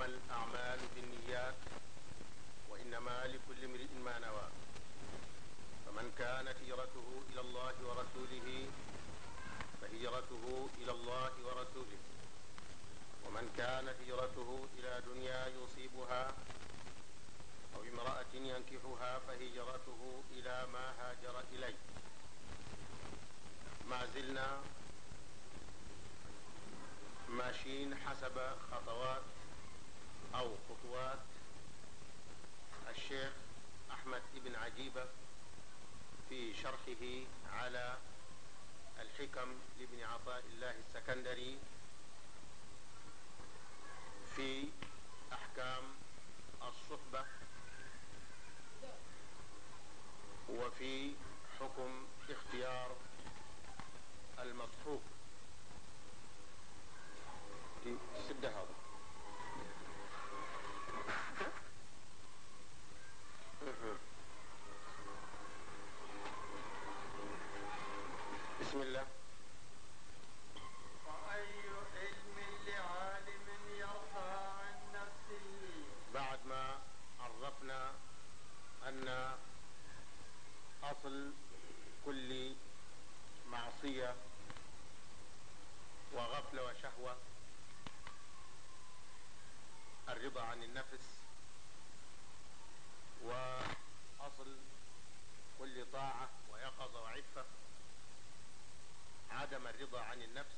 إنما الأعمال بالنيات وإنما لكل امرئ ما نوى فمن كانت هجرته إلى الله ورسوله فهجرته إلى الله ورسوله ومن كانت هجرته إلى دنيا يصيبها أو امرأة ينكحها فهجرته إلى ما هاجر إليه ما زلنا ماشيين حسب خطوات أو خطوات الشيخ أحمد بن عجيبة في شرحه على الحكم لابن عطاء الله السكندري في أحكام الصحبة وفي حكم اختيار المصحوب غفلة وشهوة الرضا عن النفس وأصل كل طاعة ويقظة وعفة عدم الرضا عن النفس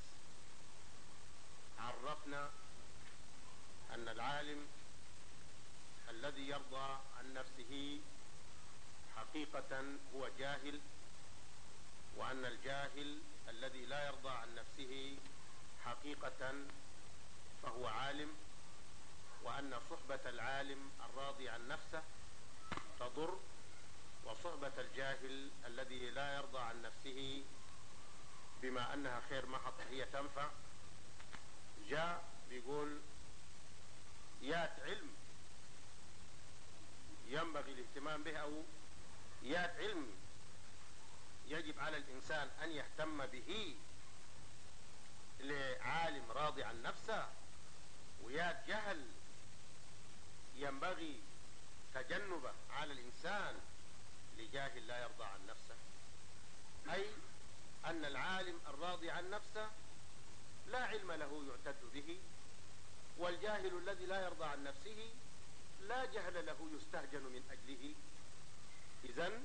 عرفنا أن العالم الذي يرضى عن نفسه حقيقة هو جاهل وأن الجاهل الذي لا يرضى عن نفسه حقيقة فهو عالم وأن صحبة العالم الراضي عن نفسه تضر وصحبة الجاهل الذي لا يرضى عن نفسه بما أنها خير محض هي تنفع جاء بيقول يات علم ينبغي الاهتمام به أو يات علم يجب على الإنسان أن يهتم به لعالم راضي عن نفسه ويا جهل ينبغي تجنبه على الإنسان لجاهل لا يرضى عن نفسه أي أن العالم الراضي عن نفسه لا علم له يعتد به والجاهل الذي لا يرضى عن نفسه لا جهل له يستهجن من أجله إذا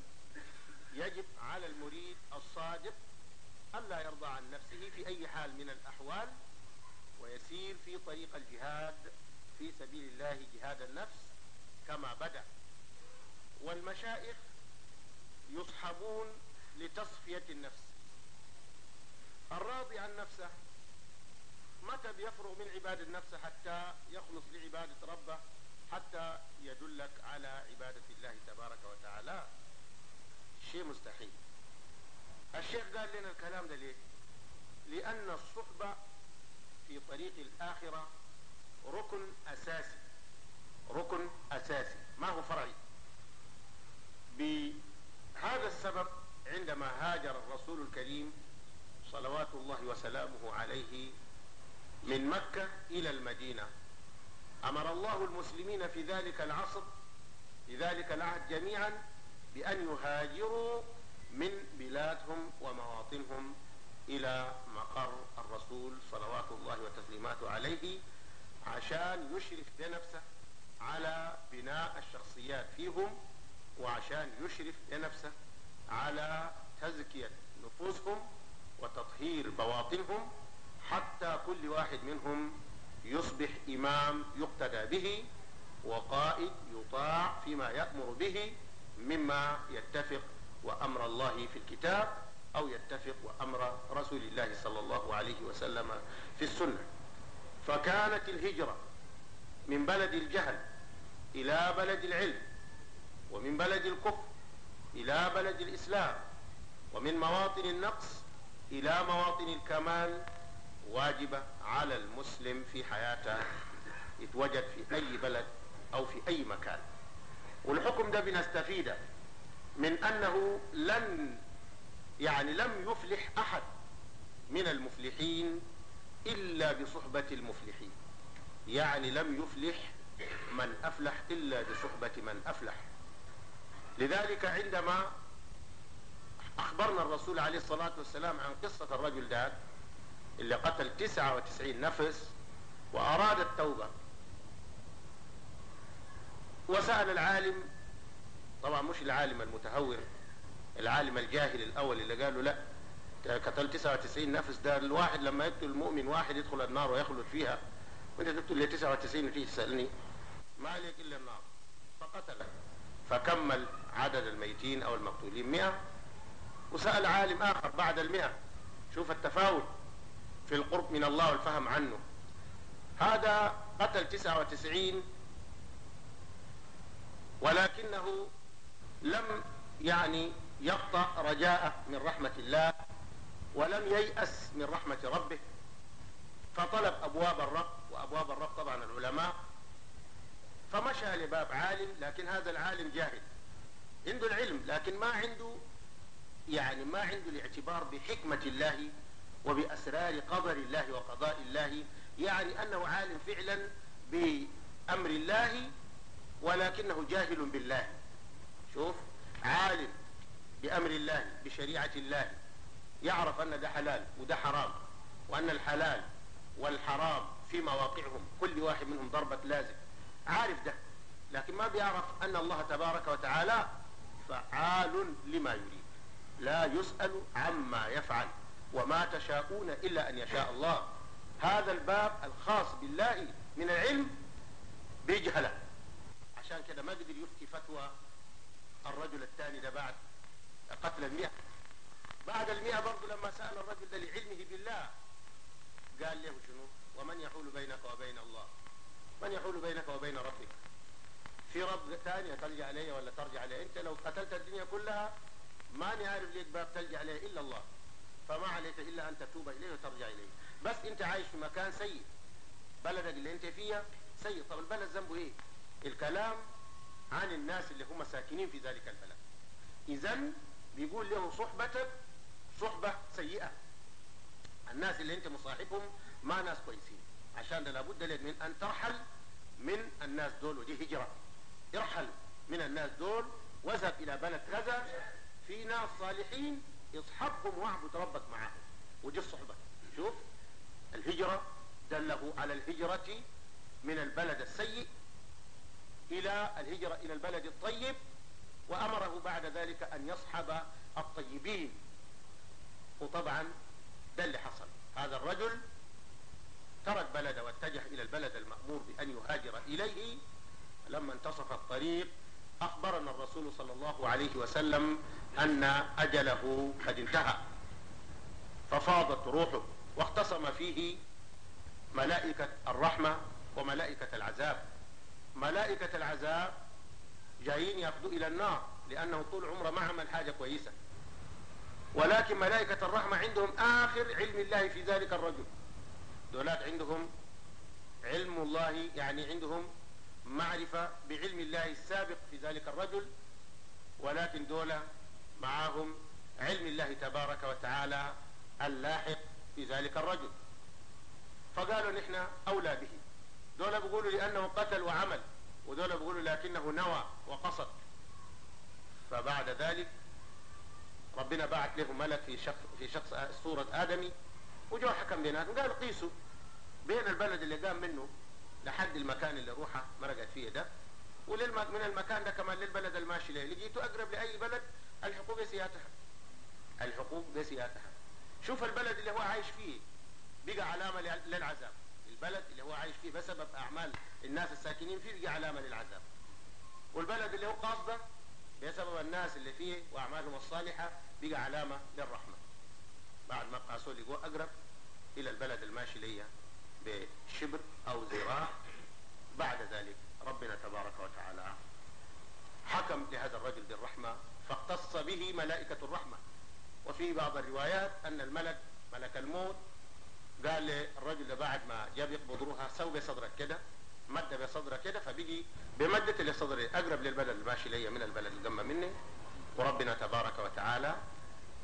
يجب على المريد الصادق ألا يرضى عن نفسه في أي حال من الأحوال ويسير في طريق الجهاد في سبيل الله جهاد النفس كما بدأ والمشائخ يصحبون لتصفية النفس الراضي عن نفسه متى بيفرغ من عبادة النفس حتى يخلص لعبادة ربه حتى يدلك على عبادة الله تبارك وتعالى شيء مستحيل الشيخ قال لنا الكلام ده ليه لأن الصحبة في طريق الآخرة ركن أساسي ركن أساسي ما هو فرعي بهذا السبب عندما هاجر الرسول الكريم صلوات الله وسلامه عليه من مكة إلى المدينة أمر الله المسلمين في ذلك العصر في ذلك العهد جميعا بأن يهاجروا من بلادهم ومواطنهم إلى مقر الرسول صلوات الله وتسليماته عليه عشان يشرف بنفسه على بناء الشخصيات فيهم وعشان يشرف بنفسه على تزكية نفوسهم وتطهير بواطنهم حتى كل واحد منهم يصبح إمام يقتدى به وقائد يطاع فيما يأمر به مما يتفق وأمر الله في الكتاب أو يتفق وأمر رسول الله صلى الله عليه وسلم في السنة فكانت الهجرة من بلد الجهل إلى بلد العلم ومن بلد الكفر إلى بلد الإسلام ومن مواطن النقص إلى مواطن الكمال واجبة على المسلم في حياته يتوجد في أي بلد أو في أي مكان والحكم ده بنستفيده من أنه لن يعني لم يفلح أحد من المفلحين إلا بصحبة المفلحين يعني لم يفلح من أفلح إلا بصحبة من أفلح لذلك عندما أخبرنا الرسول عليه الصلاة والسلام عن قصة الرجل ذاك اللي قتل 99 نفس وأراد التوبة وسأل العالم طبعا مش العالم المتهور العالم الجاهل الاول اللي قال له لا قتل 99 نفس ده الواحد لما يقتل المؤمن واحد يدخل النار ويخلد فيها وانت تقتل لي 99 وتيجي تسالني ما عليك الا النار فقتله فكمل عدد الميتين او المقتولين 100 وسال عالم اخر بعد ال 100 شوف التفاوت في القرب من الله والفهم عنه هذا قتل 99 ولكنه لم يعني يقطع رجاءه من رحمة الله ولم ييأس من رحمة ربه فطلب أبواب الرب وأبواب الرب طبعا العلماء فمشى لباب عالم لكن هذا العالم جاهل عنده العلم لكن ما عنده يعني ما عنده الاعتبار بحكمة الله وبأسرار قدر الله وقضاء الله يعني أنه عالم فعلا بأمر الله ولكنه جاهل بالله شوف عالم بأمر الله بشريعة الله يعرف أن ده حلال وده حرام وأن الحلال والحرام في مواقعهم كل واحد منهم ضربة لازم عارف ده لكن ما بيعرف أن الله تبارك وتعالى فعال لما يريد لا يسأل عما يفعل وما تشاءون إلا أن يشاء الله هذا الباب الخاص بالله من العلم بيجهله عشان كده ما قدر يفتي فتوى الرجل الثاني ده بعد قتل المئة بعد المئة برضه لما سأل الرجل ده لعلمه بالله قال له شنو ومن يحول بينك وبين الله من يحول بينك وبين ربك في رب ثانية تلجأ عليه ولا ترجع عليه انت لو قتلت الدنيا كلها ما نعرف ليك باب تلجأ عليه الا الله فما عليك الا ان تتوب اليه وترجع اليه بس انت عايش في مكان سيء بلدك اللي انت فيها سيء طب البلد ذنبه ايه الكلام عن الناس اللي هم ساكنين في ذلك البلد اذا بيقول له صحبتك صحبة سيئة الناس اللي انت مصاحبهم ما ناس كويسين عشان ده لابد لك من ان ترحل من الناس دول ودي هجرة ارحل من الناس دول واذهب الى بلد كذا في ناس صالحين اصحبهم واعبد ربك معاهم ودي الصحبة شوف الهجرة دله على الهجرة من البلد السيء إلى الهجرة إلى البلد الطيب وأمره بعد ذلك أن يصحب الطيبين وطبعا ده اللي حصل هذا الرجل ترك بلده واتجه إلى البلد المأمور بأن يهاجر إليه لما انتصف الطريق أخبرنا الرسول صلى الله عليه وسلم أن أجله قد انتهى ففاضت روحه واختصم فيه ملائكة الرحمة وملائكة العذاب ملائكة العذاب جايين ياخدوه الى النار لانه طول عمره ما عمل حاجة كويسة ولكن ملائكة الرحمة عندهم اخر علم الله في ذلك الرجل دولات عندهم علم الله يعني عندهم معرفة بعلم الله السابق في ذلك الرجل ولكن دولة معاهم علم الله تبارك وتعالى اللاحق في ذلك الرجل فقالوا نحن أولى به دول بيقولوا لأنه قتل وعمل ودول بيقولوا لكنه نوى وقصد فبعد ذلك ربنا بعت لهم ملك في شخص في شخص آه، صورة آدمي وجو حكم بيناتهم قال قيسوا بين البلد اللي قام منه لحد المكان اللي روحه مرقت فيه ده من المكان ده كمان للبلد الماشي له لقيته أقرب لأي بلد الحقوق سياتها الحقوق بسياتها شوف البلد اللي هو عايش فيه بقى علامة للعذاب البلد اللي هو عايش فيه بسبب أعمال الناس الساكنين فيه دي علامة للعذاب والبلد اللي هو قصده بسبب الناس اللي فيه وأعمالهم الصالحة بقى علامة للرحمة بعد ما قاسوا سولي أقرب إلى البلد الماشي ليا بشبر أو ذراع بعد ذلك ربنا تبارك وتعالى حكم لهذا الرجل بالرحمة فاقتص به ملائكة الرحمة وفي بعض الروايات أن الملك ملك الموت قال للرجل ده بعد ما جاب يقبض روحها سوي بصدرك كده مد بصدرك كده فبيجي بمدة لصدري اقرب للبلد اللي ماشي ليا من البلد القمة مني وربنا تبارك وتعالى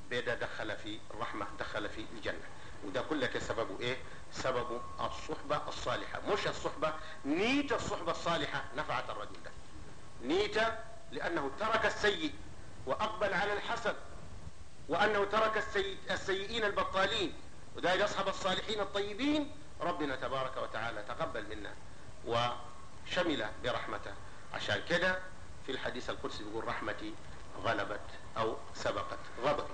بدا دخل في الرحمة دخل في الجنة وده كلك سببه ايه سببه الصحبة الصالحة مش الصحبة نيت الصحبة الصالحة نفعت الرجل ده نيت لانه ترك السيء واقبل على الحسن وانه ترك السيئين البطالين وذلك أصحاب الصالحين الطيبين ربنا تبارك وتعالى تقبل منا وشمل برحمته عشان كده في الحديث القدسي بيقول رحمتي غلبت أو سبقت غضبي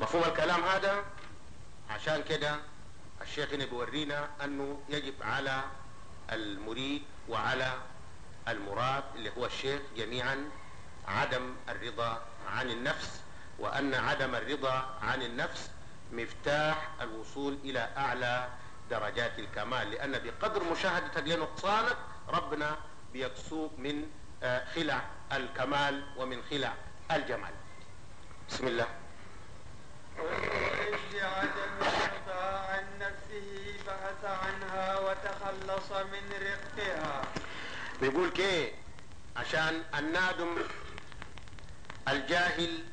مفهوم الكلام هذا عشان كده الشيخ هنا بيورينا أنه يجب على المريد وعلى المراد اللي هو الشيخ جميعا عدم الرضا عن النفس وأن عدم الرضا عن النفس مفتاح الوصول إلى أعلى درجات الكمال لأن بقدر مشاهدتك لنقصانك ربنا بيكسوك من آه، خلع الكمال ومن خلع الجمال بسم الله وإذ عدم الرضا عن نفسه بحث عنها وتخلص من رقها بيقول كي عشان النادم الجاهل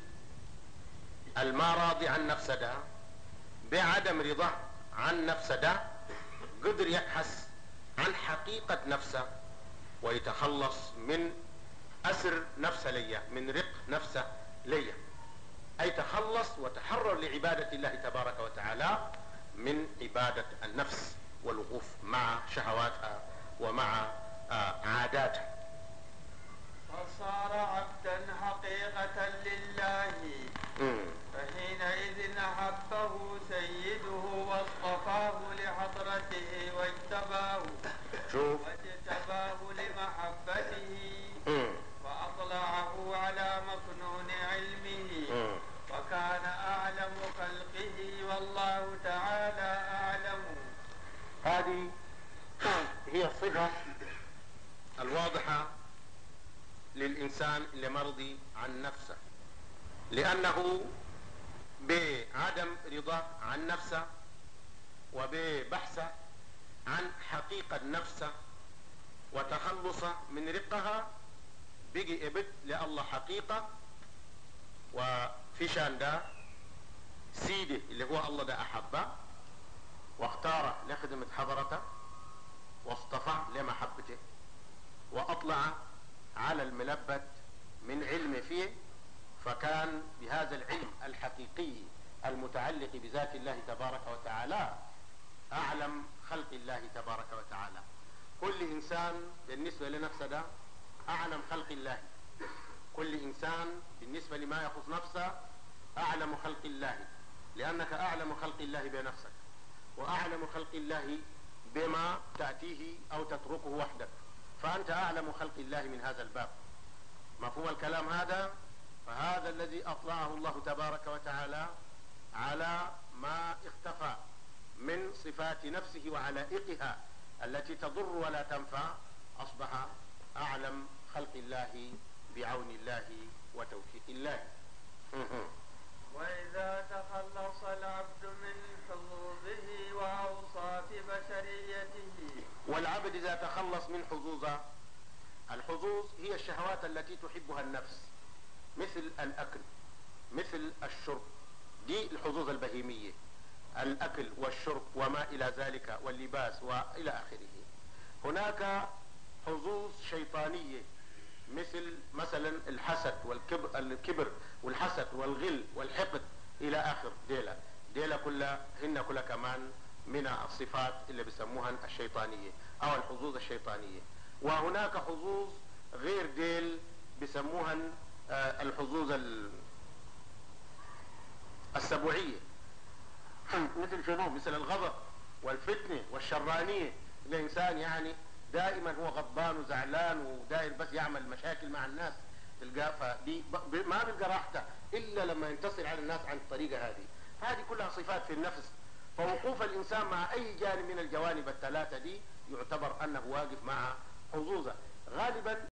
الما راضي عن نفسه ده بعدم رضاه عن نفسه ده قدر يبحث عن حقيقة نفسه ويتخلص من أسر نفسه ليا من رق نفسه ليا أي تخلص وتحرر لعبادة الله تبارك وتعالى من عبادة النفس والوقوف مع شهواتها ومع آه، عاداتها فصار عبدا حقيقة لله فحينئذ أحبه سيده واصطفاه لحضرته واجتباه شوف لمرضي عن نفسه لأنه بعدم رضاه عن نفسه وببحثه عن حقيقة نفسه وتخلصه من رقها بيجي ابد لالله حقيقة وفي شان ده سيده اللي هو الله ده أحبه واختار لخدمة حضرته واصطفى لمحبته وأطلع على الملبت من علم فيه فكان بهذا العلم الحقيقي المتعلق بذات الله تبارك وتعالى أعلم خلق الله تبارك وتعالى كل إنسان بالنسبة لنفسه ده أعلم خلق الله كل إنسان بالنسبة لما يخص نفسه أعلم خلق الله لأنك أعلم خلق الله بنفسك وأعلم خلق الله بما تأتيه أو تتركه وحدك فأنت أعلم خلق الله من هذا الباب مفهوم الكلام هذا فهذا الذي أطلعه الله تبارك وتعالى على ما اختفى من صفات نفسه وعلائقها التي تضر ولا تنفع أصبح أعلم خلق الله بعون الله وتوفيق الله وإذا تخلص العبد من حظوظه وأوصاف بشريته والعبد إذا تخلص من حظوظه الحظوظ هي الشهوات التي تحبها النفس مثل الأكل مثل الشرب دي الحظوظ البهيمية الأكل والشرب وما إلى ذلك واللباس وإلى آخره هناك حظوظ شيطانية مثل مثلا الحسد والكبر الكبر والحسد والغل والحقد إلى آخر ديلا ديلا كلها هن كلها كمان من الصفات اللي بسموها الشيطانية أو الحظوظ الشيطانية وهناك حظوظ غير ديل بسموها آه، الحظوظ السبوعية مثل شنو مثل الغضب والفتنة والشرانية الإنسان يعني دائما هو غضبان وزعلان ودائر بس يعمل مشاكل مع الناس تلقاه فدي ما بيلقى راحته إلا لما ينتصر على الناس عن الطريقة هذه هذه كلها صفات في النفس فوقوف الإنسان مع أي جانب من الجوانب الثلاثة دي يعتبر أنه واقف مع حظوظة غالبا